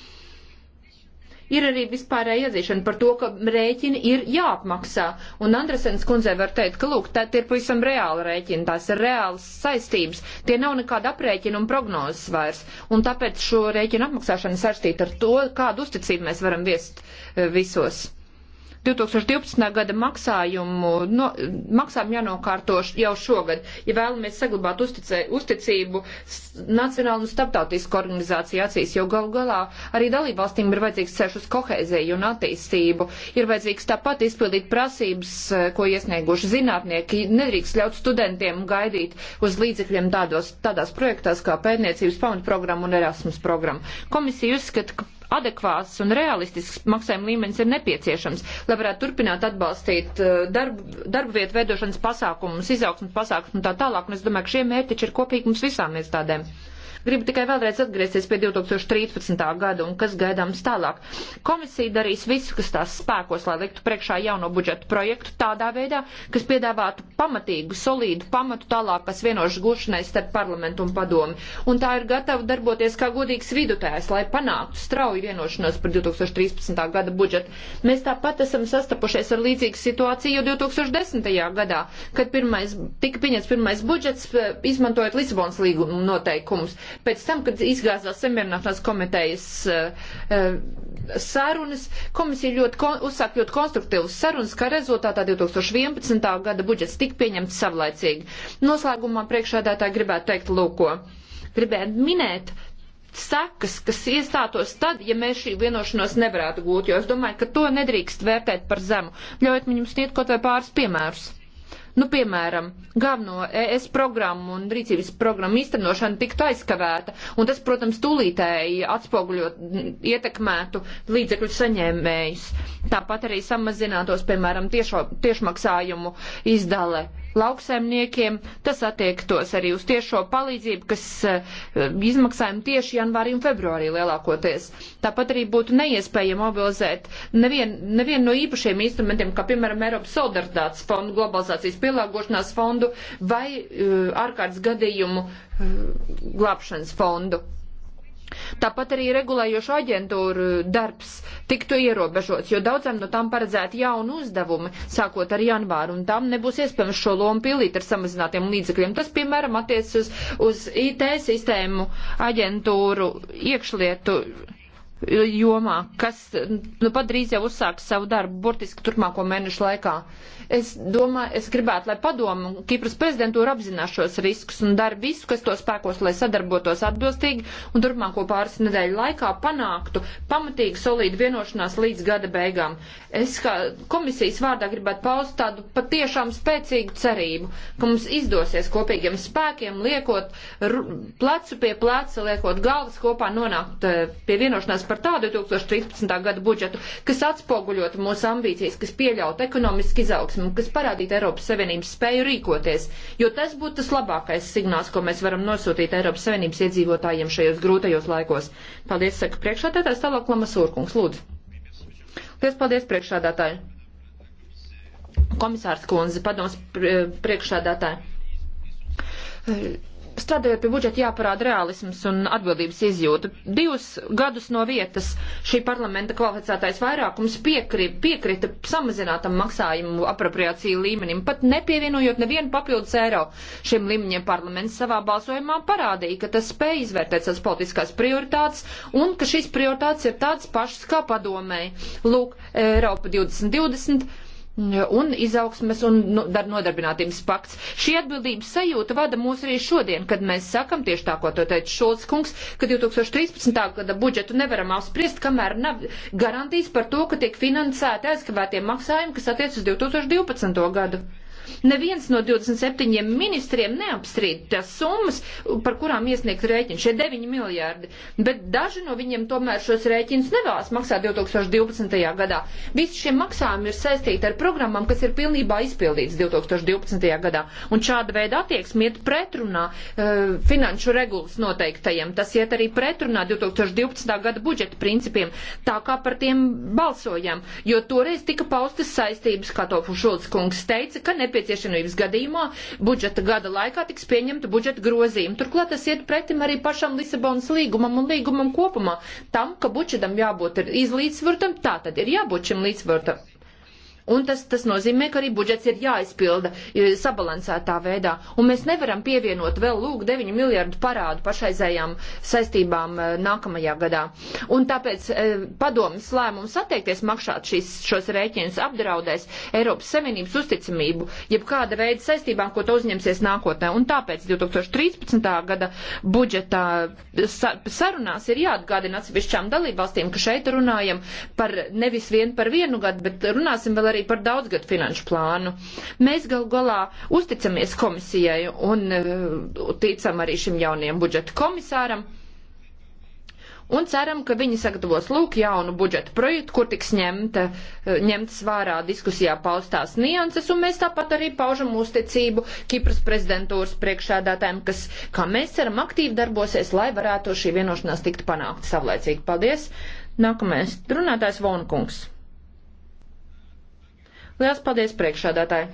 Ir arī vispārēja iezīšana par to, ka rēķini ir jāapmaksā. Un Andresens kundzei var teikt, ka lūk, tā ir pavisam reāla rēķina, tās ir reālas saistības, tie nav nekāda aprēķina un prognozes vairs. Un tāpēc šo rēķinu apmaksāšana saistīta ar to, kādu uzticību mēs varam viest eh, visos. 2012. gada maksājumu, no, maksājumu jānokārto jau šogad, ja vēlamies saglabāt uzticē, uzticību nacionālu un starptautisku organizāciju acīs, jo galu galā arī dalībvalstīm ir vajadzīgs ceļš uz kohēziju un attīstību, ir vajadzīgs tāpat izpildīt prasības, eh, ko iesnieguši zinātnieki, nedrīkst ļaut studentiem gaidīt uz līdzekļiem tādos, tādās projektās kā pētniecības pamatprogramma un Erasmus programma. Komisija uzskata, ka adekvāts un realistisks maksājuma līmenis ir nepieciešams, lai varētu turpināt atbalstīt eh, darbu, darbu vietu veidošanas pasākumus, izaugsmas pasākumus un tā tālāk. Un es domāju, ka šie mērķi ir kopīgi mums visām iestādēm. Gribu tikai vēlreiz atgriezties pie 2013. gada un kas gaidāms tālāk. Komisija darīs visu, kas tās spēkos, lai liktu priekšā jauno budžetu projektu tādā veidā, kas piedāvātu pamatīgu, solīdu pamatu tālākas vienošas gušanai starp parlamentu un padomi. Un tā ir gatava darboties kā godīgs vidutājs, lai panāktu strauju vienošanos par 2013. gada budžetu. Mēs tāpat esam sastapušies ar līdzīgu situāciju jau 2010. gadā, kad pirmais, tika pieņemts pirmais budžets, eh, izmantojot Lisabonas līguma noteikumus. Pēc tam, kad izgāzās samierināšanās komitejas eh, eh, sarunas, komisija ļoti uzsāk ļoti konstruktīvas sarunas, kā rezultātā 2011. gada budžets tika pieņemts savlaicīgi. Noslēgumā priekšādātāji gribētu teikt lūko. Gribētu minēt, sekas, kas iestātos tad, ja mēs šī vienošanos nevarētu gūt, jo es domāju, ka to nedrīkst vērtēt par zemu. Ļaujiet man jums sniegt kaut vai pāris piemērus. Nu, piemēram, galveno ES programmu un rīcības programmu īstenošana tiktu aizkavēta, un tas, protams, tūlītēji atspoguļot ietekmētu līdzekļu saņēmējus. Tāpat arī samazinātos, piemēram, tiešo, tiešmaksājumu izdale lauksaimniekiem. Tas attiektos arī uz tiešo palīdzību, kas eh, izmaksājumi tieši janvārī un februārī lielākoties. Tāpat arī būtu neiespējami mobilizēt nevienu nevien no īpašiem instrumentiem, kā piemēram Eiropas solidaritātes fondu, globalizācijas pielāgošanās fondu vai uh, ārkārtas gadījumu uh, glābšanas fondu. Tāpat arī regulējošu aģentūru darbs tiktu ierobežots, jo daudzām no tām paredzēti jauni uzdevumi, sākot ar janvāru, un tam nebūs iespējams šo lomu pilīt ar samazinātiem līdzekļiem. Tas, piemēram, attiec uz, uz IT sistēmu aģentūru iekšlietu jomā, kas nu, pat drīz jau uzsāks savu darbu, burtiski turpmāko mēnešu laikā. Es domāju, es gribētu, lai padomu Kipras prezidentūra apzinās šos riskus un dara visu, kas to spēkos, lai sadarbotos atbilstīgi un turpmāko pāris nedēļu laikā panāktu pamatīgi solīdu vienošanās līdz gada beigām. Es kā komisijas vārdā gribētu paust tādu patiešām spēcīgu cerību, ka mums izdosies kopīgiem spēkiem liekot plecu pie pleca, liekot galvas kopā nonākt eh, pie vienošanās par tādu 2013. gada budžetu, kas atspoguļot mūsu ambīcijas, kas pieļaut ekonomisku izaugsmu, kas parādītu Eiropas Savienības spēju rīkoties, jo tas būtu tas labākais signāls, ko mēs varam nosūtīt Eiropas Savienības iedzīvotājiem šajos grūtajos laikos. Paldies, saka priekšādātājs, tālāk Lamas Urkungs, lūdzu. Lies paldies, priekšādātāji. Komisārs Kunze, padoms priekšādātāji strādājot pie budžeta, jāparāda realisms un atbildības izjūta. Divus gadus no vietas šī parlamenta kvalificētais vairākums piekri, piekrita samazinātam maksājumu apropriāciju līmenim, pat nepievienojot nevienu papildus eiro. Šiem līmeņiem parlaments savā balsojumā parādīja, ka tas spēj izvērtēt savas politiskās prioritātes un ka šīs prioritātes ir tādas pašas kā padomēji. Lūk, Eiropa 2020 un izaugsmes un nu, nodarbinātības pakts. Šī atbildības sajūta vada mūs arī šodien, kad mēs sakam tieši tā, ko to teica Šolts kungs, ka 2013. gada budžetu nevaram apspriest, kamēr nav garantijas par to, ka tiek finansēti aizkavētie maksājumi, kas attiec uz 2012. gadu. Neviens no 27 ministriem neapstrīd tās summas, par kurām iesniegt rēķinu, šie 9 miljārdi, bet daži no viņiem tomēr šos rēķinus nevēlas maksāt 2012. gadā. Visi šie maksājumi ir saistīti ar programmām, kas ir pilnībā izpildīts 2012. gadā, un šāda veida attieksme iet pretrunā uh, finanšu regulas noteiktajiem. Tas iet arī pretrunā 2012. gada budžeta principiem, tā kā par tiem balsojam, jo toreiz tika paustas saistības, kā to Šulc kungs teica, ka nepieciešams nepieciešamības gadījumā budžeta gada laikā tiks pieņemta budžeta grozījuma. Turklāt tas iet pretim arī pašam Lisabonas līgumam un līgumam kopumā, tam, ka budžetam jābūt ir izlīdzsvartam, tā tad ir jābūt šim līdzsvartam Un tas, tas nozīmē, ka arī budžets ir jāizpilda e, sabalansētā veidā. Un mēs nevaram pievienot vēl lūk 9 miljardu parādu pašaizējām saistībām e, nākamajā gadā. Un tāpēc e, padomas lēmums atteikties maksāt šīs, šos rēķinus apdraudēs Eiropas Savienības uzticamību, jeb kāda veida saistībām, ko to uzņemsies nākotnē. Un tāpēc 2013. gada budžetā sarunās ir jāatgādina atsevišķām dalībvalstīm, ka šeit runājam par nevis vien par vienu gadu, bet runāsim vēl arī arī par daudzgadu finanšu plānu. Mēs gal galā uzticamies komisijai un uh, ticam arī šim jaunajam budžeta komisāram un ceram, ka viņi sagatavos lūk jaunu budžeta projektu, kur tiks ņemta, uh, ņemtas vērā diskusijā paustās nianses, un mēs tāpat arī paužam uzticību Kipras prezidentūras priekšādātājiem, kas, kā mēs ceram, aktīvi darbosies, lai varētu šī vienošanās tikt panākt savlaicīgi. Paldies! Nākamais runātājs Vonkungs. Lielas paldies priekšādātāji!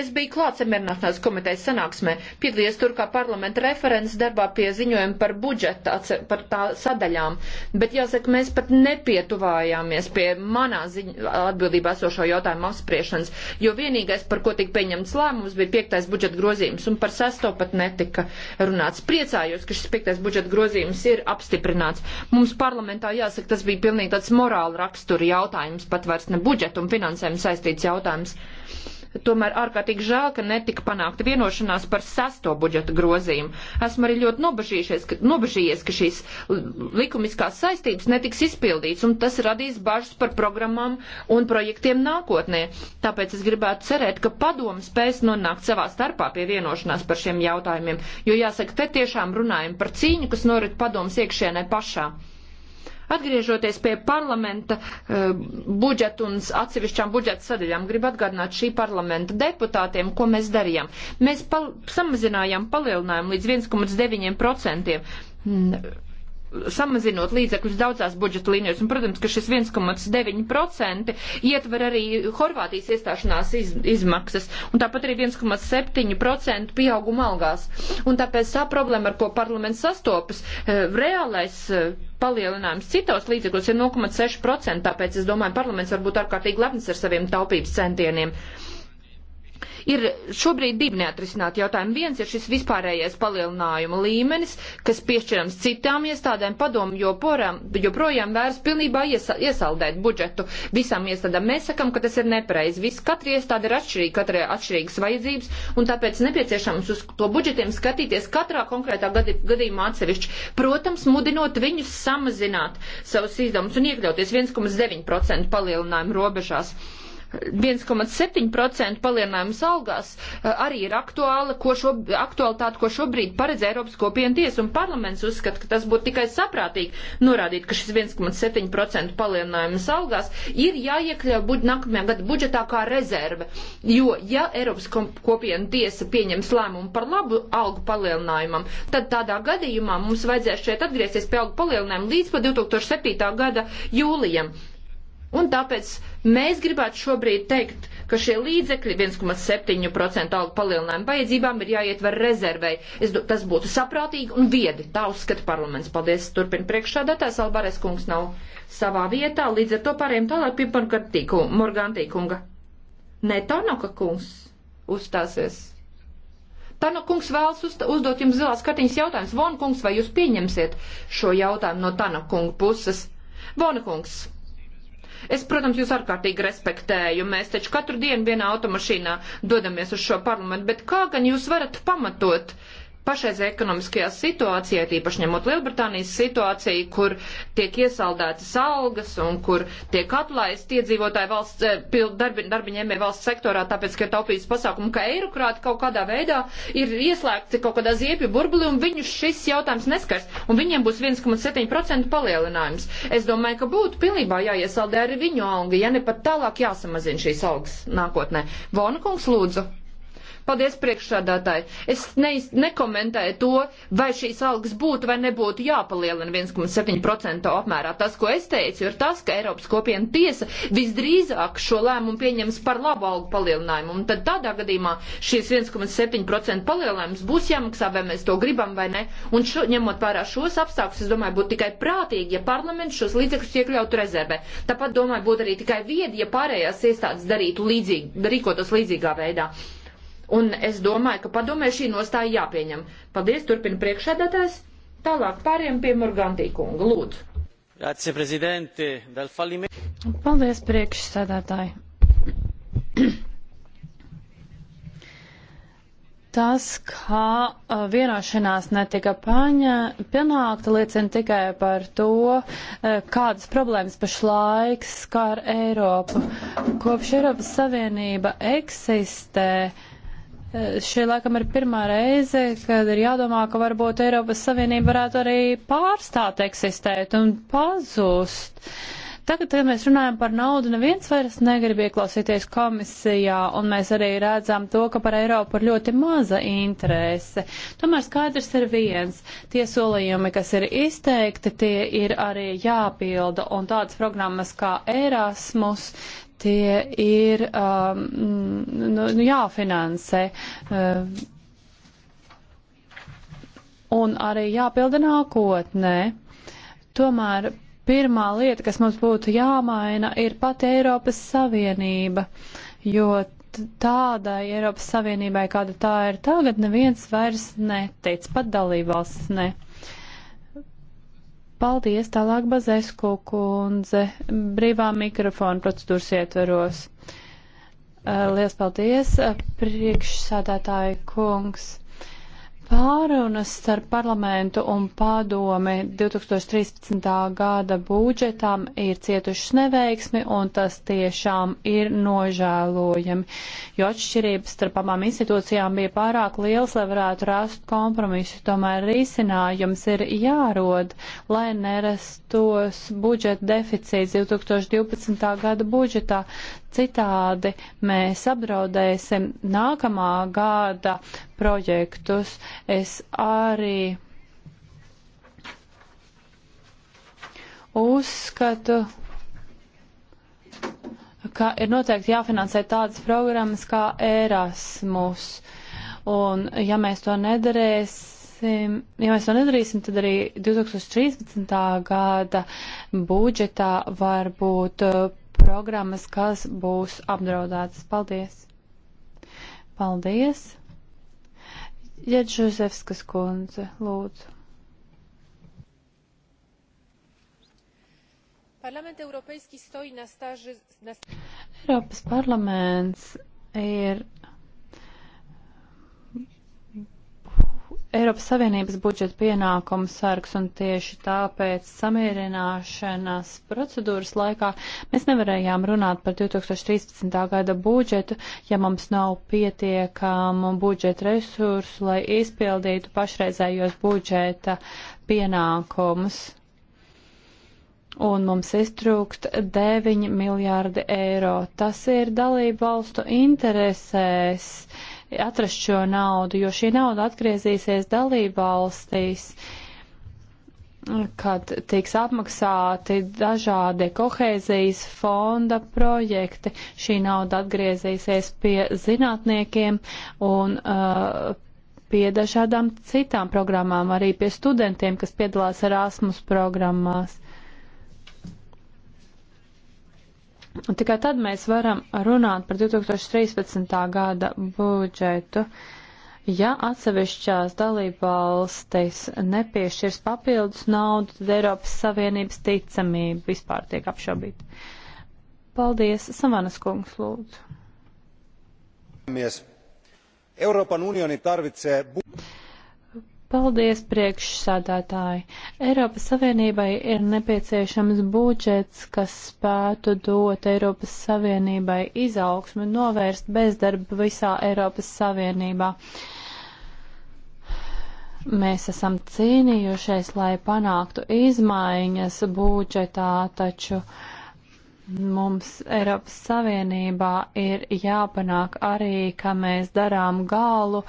Es biju klāts samierināšanās komitejas sanāksmē, piedalījos tur kā parlamenta referents darbā pie ziņojuma par budžetu, par tā sadaļām, bet jāsaka, mēs pat nepietuvājāmies pie manā ziņ... atbildībā esošo jautājumu apspriešanas, jo vienīgais, par ko tika pieņemts lēmums, bija piektais budžeta grozījums, un par sesto pat netika runāts. Priecājos, ka šis piektais budžeta grozījums ir apstiprināts. Mums parlamentā jāsaka, tas bija pilnīgi tāds morāla rakstura jautājums, pat vairs ne budžeta un finansējuma saistīts jautājums. Tomēr ārkārtīgi žēl, ka netika panākta vienošanās par sesto budžeta grozījumu. Esmu arī ļoti nobežījies, ka, nobežījies, ka šīs likumiskās saistības netiks izpildīts, un tas radīs bažas par programmām un projektiem nākotnē. Tāpēc es gribētu cerēt, ka padomu spēs nonākt savā starpā pie vienošanās par šiem jautājumiem, jo jāsaka, te tiešām runājam par cīņu, kas norit padomas iekšienē pašā. Atgriežoties pie parlamenta uh, budžeta un atsevišķām budžeta sadaļām, gribu atgādināt šī parlamenta deputātiem, ko mēs darījām. Mēs pal samazinājām palielinājumu līdz 1,9% samazinot līdzekļus daudzās budžeta līnijās. Un, protams, ka šis 1,9% ietver arī Horvātijas iestāšanās iz, izmaksas, un tāpat arī 1,7% pieauguma algās. Un tāpēc tā problēma, ar ko parlaments sastopas, eh, reālais eh, palielinājums citos līdzekļos ir 0,6%, tāpēc es domāju, parlaments var būt ārkārtīgi lepns ar saviem taupības centieniem. Uh, Ir šobrīd divi neatrisināti jautājumi. Viens ir šis vispārējais palielinājuma līmenis, kas piešķirams citām iestādēm. Padomu joprojām, joprojām vērs pilnībā iesa, iesaldēt budžetu visām iestādēm. Mēs sakam, ka tas ir nepareizi. Viss katra iestāde ir atšķirīga, katrai atšķirīgas vajadzības, un tāpēc nepieciešams uz to budžetiem skatīties katrā konkrētā gadi, gadījumā atsevišķi. Protams, mudinot viņus samazināt savus izdevumus un iekļauties 1,9% palielinājumu robežās. 1,7% palielinājums algās eh, arī ir aktuāla, ko šo, aktualitāte, ko šobrīd paredz Eiropas kopienu tiesa un parlaments uzskata, ka tas būtu tikai saprātīgi norādīt, ka šis 1,7% palielinājums algās ir jāiekļauj bud, nākamajā gada budžetā kā rezerve, jo ja Eiropas kopienu tiesa pieņems lēmumu par labu algu palielinājumam, tad tādā gadījumā mums vajadzēs šeit atgriezties pie algu palielinājuma līdz pat 2007. gada jūlijam. Un tāpēc Mēs gribētu šobrīd teikt, ka šie līdzekļi 1,7% algu palielinājumu vajadzībām ir jāietver rezervei. Es, do, tas būtu saprātīgi un viedi. Tā uzskata parlaments. Paldies. Turpin priekšādātājs Albares kungs nav savā vietā. Līdz ar to pārējiem tālāk pie Morgantī kunga. Nē, Tanoka kungs uzstāsies. Tano kungs vēlas uz, uzdot jums zilās kartiņas jautājumus. Von kungs, vai jūs pieņemsiet šo jautājumu no Tano kunga puses? Von kungs. Es, protams, jūs ārkārtīgi respektēju. Mēs taču katru dienu vienā automašīnā dodamies uz šo parlamentu, bet kā gan jūs varat pamatot uh, pašreiz ekonomiskajā situācijā, tīpaši ņemot Lielbritānijas situāciju, kur tiek iesaldētas algas un kur tiek atlaisti iedzīvotāji valsts, eh, darbi, darbiņēmēji valsts sektorā, tāpēc, ka ir taupības pasākumu, ka eirokrāti kaut kādā veidā ir ieslēgti kaut kādā ziepju burbulī un viņus šis jautājums neskars. Un viņiem būs 1,7% palielinājums. Es domāju, ka būtu pilnībā jāiesaldē arī viņu alga, ja ne pat tālāk jāsamazina šīs algas nākotnē. Vona kungs, lūdzu. Paldies priekšsādātāji. Es ne, nekomentēju to, vai šīs algas būtu vai nebūtu jāpalielina 1,7% apmērā. Tas, ko es teicu, ir tas, ka Eiropas kopiena tiesa visdrīzāk šo lēmumu pieņems par labu algu palielinājumu. Un tad tādā gadījumā šīs 1,7% palielinājums būs jāmaksā, vai mēs to gribam vai ne. Un šo, ņemot vērā šos apstākļus, es domāju, būtu tikai prātīgi, ja parlaments šos līdzekļus iekļautu rezervē. Tāpat, domāju, būtu arī tikai viedi, ja pārējās iestādes darītu līdzīgi, rīkotos līdzīgā veidā. Un es domāju, ka padomē šī nostāja jāpieņem. Paldies, turpina priekšsēdētājs. Tālāk pāriem pie Morgantī kunga. Lūdzu. Grazie, prezidente. Dal fallime... Paldies, priekšsēdētāji. Tas, kā uh, vienošanās netika paņa, panākta, liecina tikai par to, uh, kādas problēmas pašlaik skar Eiropu. Kopš Eiropas Savienība eksistē, uh, Eh, šī laikam ir pirmā reize, kad ir jādomā, ka varbūt Eiropas Savienība varētu arī pārstāt eksistēt un pazust. Tagad, kad mēs runājam par naudu, neviens vairs negrib ieklausīties komisijā, un mēs arī redzam to, ka par Eiropu ir ļoti maza interese. Tomēr skaidrs ir viens. Tie solījumi, kas ir izteikti, tie ir arī jāpilda, un tādas programmas kā Erasmus tie ir um, nu, nu, jāfinansē. Um, un arī jāpilda nākotnē. Tomēr pirmā lieta, kas mums būtu jāmaina, ir pati Eiropas Savienība, jo tādai Eiropas Savienībai, kāda tā ir tagad, neviens vairs netic, pat dalībvalsts ne. Uh, Paldies, tālāk Bazesku kundze, brīvā mikrofona procedūras ietveros. Lielas paldies, priekšsādātāji kungs. Pārunas starp parlamentu un padomi 2013. gada budžetam ir cietušas neveiksmi, un tas tiešām ir nožēlojami, jo atšķirības starp abām institūcijām bija pārāk liels, lai varētu rast kompromisu. Tomēr risinājums ir jārod, lai nerastos budžeta deficīts 2012. gada budžetā. Citādi mēs apdraudēsim nākamā gada projektus. Es arī uzskatu, ka ir noteikti jāfinansē tādas programmas kā Erasmus. Un ja mēs to nedarēsim, ja mēs to nedarīsim, tad arī 2013. gada budžetā var būt uh, programmas, kas būs apdraudētas. Paldies! Paldies! Jeģuzevskas kundze, lūdzu. Parlament Eiropas parlaments ir Eiropas Savienības budžeta pienākumu sargs, un tieši tāpēc samierināšanas procedūras laikā mēs nevarējām runāt par 2013. gada budžetu, ja mums nav pietiekamu budžeta resursu, lai izpildītu pašreizējos budžeta pienākumus. Un mums iztrūkst 9 miljārdi eiro. Tas ir dalību valstu interesēs. Uh, atrast šo naudu, jo šī nauda atgriezīsies dalībvalstīs, kad tiks apmaksāti dažādi kohēzijas fonda projekti. Šī nauda atgriezīsies pie zinātniekiem un uh, pie dažādām citām programmām, arī pie studentiem, kas piedalās Erasmus programmās. Un tikai tad mēs varam runāt par 2013. gada budžetu. Ja atsevišķās dalībvalstis nepiešķirs papildus naudu, tad Eiropas Savienības ticamība vispār tiek apšaubīta. Paldies, Savanas kungs, lūdzu. Euroopan unioni tarvitsee... Paldies, priekšsādātāji! Eiropas Savienībai ir nepieciešams budžets, kas spētu dot Eiropas Savienībai izaugsmu un novērst bezdarbu visā Eiropas Savienībā. Mēs esam cīnījušies, lai panāktu izmaiņas budžetā, taču uh, Mums Eiropas Savienībā ir jāpanāk arī, ka mēs darām galu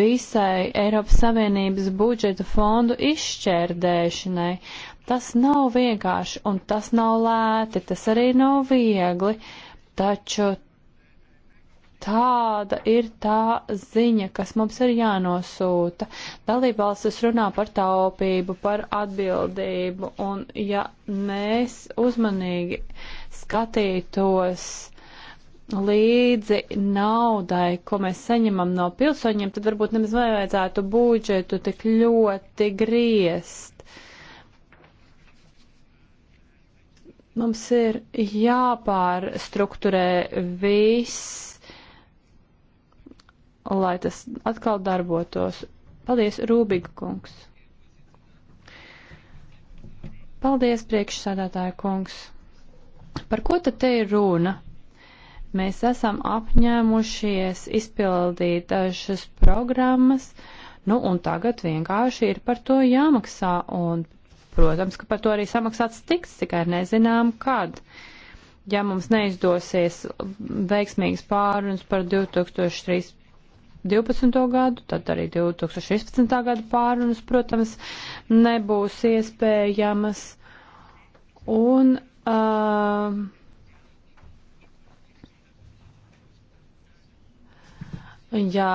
visai Eiropas Savienības budžeta fondu izšķērdēšanai. Tas nav vienkārši un tas nav lēti, tas arī nav viegli, taču tāda ir tā ziņa, kas mums ir jānosūta. Dalībvalstis runā par taupību, par atbildību, un ja mēs uzmanīgi skatītos līdzi naudai, ko mēs saņemam no pilsoņiem, tad varbūt nemaz nevajadzētu budžetu tik ļoti griezt. Mums ir jāpārstrukturē viss lai tas atkal darbotos. Paldies, Rūbiga kungs! Paldies, priekšsādātāja kungs! Par ko tad te ir runa? Mēs esam apņēmušies izpildīt dažas programmas, nu un tagad vienkārši ir par to jāmaksā, un, protams, ka par to arī samaksāts tiks, tikai nezinām, kad. Uh, ja mums neizdosies veiksmīgas pārunas par 2013. 2012. gadu, tad arī 2016. gadu pārunas, protams, nebūs iespējamas. Un, uh, ja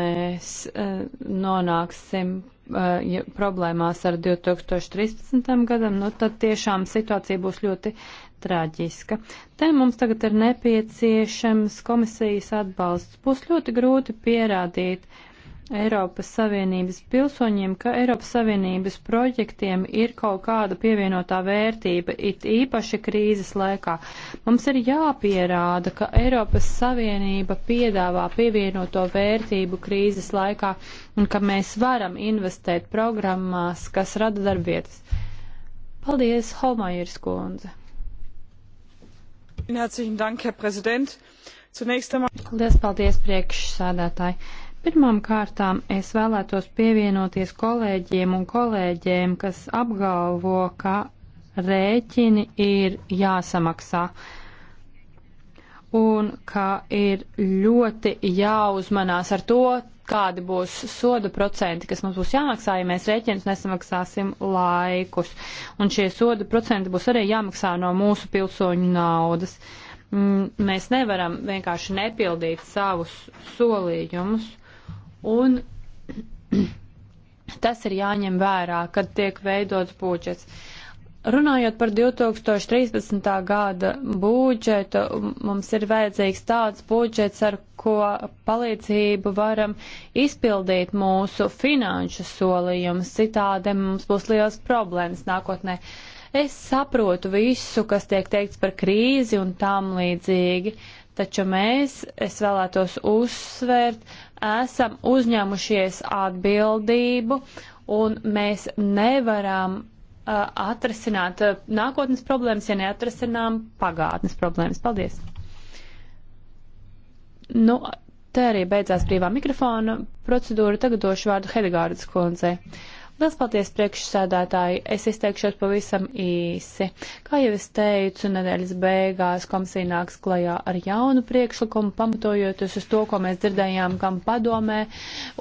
mēs uh, nonāksim Eh, ja problēmās ar 2013. gadam, nu tad tiešām situācija būs ļoti traģiska. Te mums tagad ir nepieciešams komisijas atbalsts. Būs ļoti grūti pierādīt Eiropas Savienības pilsoņiem, ka Eiropas Savienības projektiem ir kaut kāda pievienotā vērtība, it īpaši krīzes laikā. Mums ir jāpierāda, ka Eiropas Savienība piedāvā pievienoto vērtību krīzes laikā un ka mēs varam investēt programmās, kas rada darbvietas. Paldies, Holmajers kundze. Herzlichen Dank, Herr Präsident. Zunächst einmal. Paldies, paldies, priekšsādātāji. Pirmām kārtām es vēlētos pievienoties kolēģiem un kolēģiem, kas apgalvo, ka rēķini ir jāsamaksā un ka ir ļoti jāuzmanās ar to, kādi būs soda procenti, kas mums būs jāmaksā, ja mēs rēķinus nesamaksāsim laikus. Un šie soda procenti būs arī jāmaksā no mūsu pilsoņu naudas. Mm, mēs nevaram vienkārši nepildīt savus solījumus. Un tas ir jāņem vērā, kad tiek veidots budžets. Runājot par 2013. gada budžetu, mums ir vajadzīgs tāds budžets, ar ko palīdzību varam izpildīt mūsu finanšu solījumus. Citādi mums būs liels problēmas nākotnē. Es saprotu visu, kas tiek teikts par krīzi un tam līdzīgi, taču mēs, es vēlētos uzsvērt, esam uzņēmušies atbildību un mēs nevaram uh, atrasināt uh, nākotnes problēmas, ja neatrasinām pagātnes problēmas. Paldies! Nu, te arī beidzās brīvā mikrofona procedūra. Tagad došu vārdu Hedegārdas kundzei. Uh, Liels paldies priekšsēdētāji, es izteikšos pavisam īsi. Kā jau es teicu, nedēļas beigās komisija nāks klajā ar jaunu priekšlikumu, pamatojoties uz to, ko mēs dzirdējām, kam padomē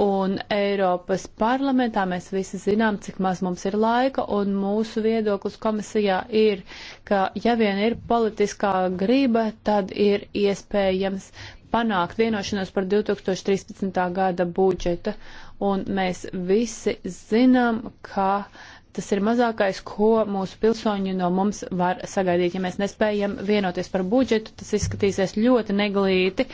un Eiropas parlamentā. Mēs visi zinām, cik maz mums ir laika, un mūsu viedoklis komisijā ir, ka ja vien ir politiskā grība, tad ir iespējams panākt vienošanos par 2013. gada budžeta un mēs visi zinām, ka tas ir mazākais, ko mūsu pilsoņi no mums var sagaidīt. Ja mēs nespējam vienoties par budžetu, tas izskatīsies ļoti neglīti,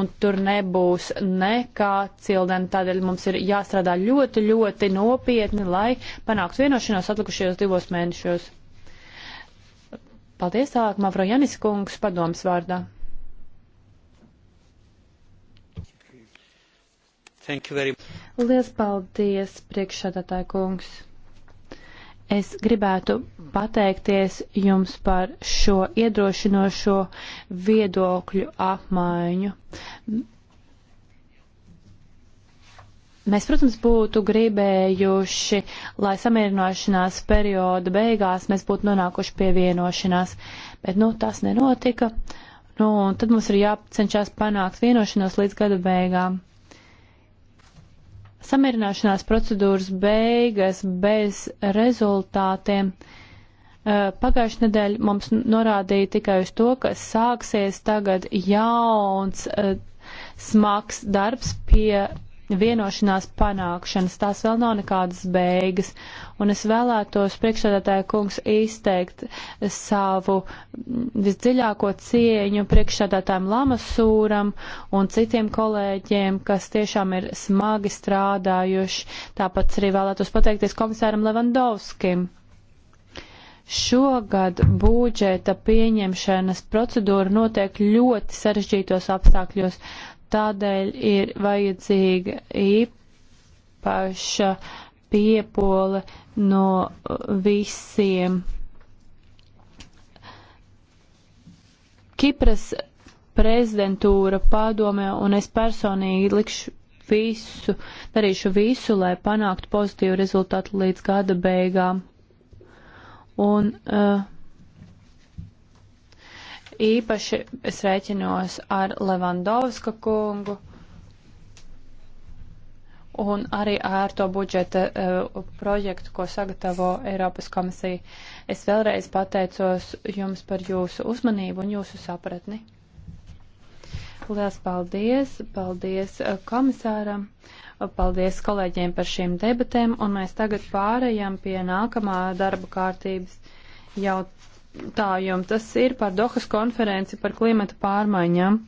un tur nebūs nekā cildena. Tādēļ mums ir jāstrādā ļoti, ļoti nopietni, lai panāktu vienošanos atlikušajos divos mēnešos. Paldies tālāk, Mavro Janis kungs, padoms vārdā. Lielas paldies, priekšsādātāja kungs! Es gribētu pateikties jums par šo iedrošinošo viedokļu apmaiņu. Mēs, protams, būtu gribējuši, lai samierināšanās perioda beigās mēs būtu nonākuši pie vienošanās, bet, nu, tas nenotika. Nu, un tad mums ir jācenšas panākt vienošanos līdz gada beigām samierināšanās procedūras beigas bez rezultātiem. Eh, Pagājušajā nedēļā mums norādīja tikai uz to, ka sāksies tagad jauns eh, smags darbs pie vienošanās panākšanas. Tās vēl nav nekādas beigas. Un es vēlētos priekšsēdētāja kungs izteikt savu visdziļāko cieņu priekšsēdētājiem Lamasūram un citiem kolēģiem, kas tiešām ir smagi strādājuši. Tāpat arī vēlētos pateikties komisāram Levandovskim. Šogad budžeta pieņemšanas procedūra notiek ļoti sarežģītos apstākļos. Tādēļ ir vajadzīga īpaša piepole no visiem. Kipras prezidentūra padomē, un es personīgi likšu visu, darīšu visu, lai panāktu pozitīvu rezultātu līdz gada beigām. Un uh, Īpaši es rēķinos ar Levandovska kungu un arī ar to budžeta uh, projektu, ko sagatavo Eiropas komisija. Es vēlreiz pateicos jums par jūsu uzmanību un jūsu sapratni. Lielas paldies, paldies eh, komisāram, paldies kolēģiem par šīm debatēm, un mēs tagad pārējām pie nākamā darba kārtības jautājuma jautājumi. Tas ir par Dohas konferenci par klimata pārmaiņām.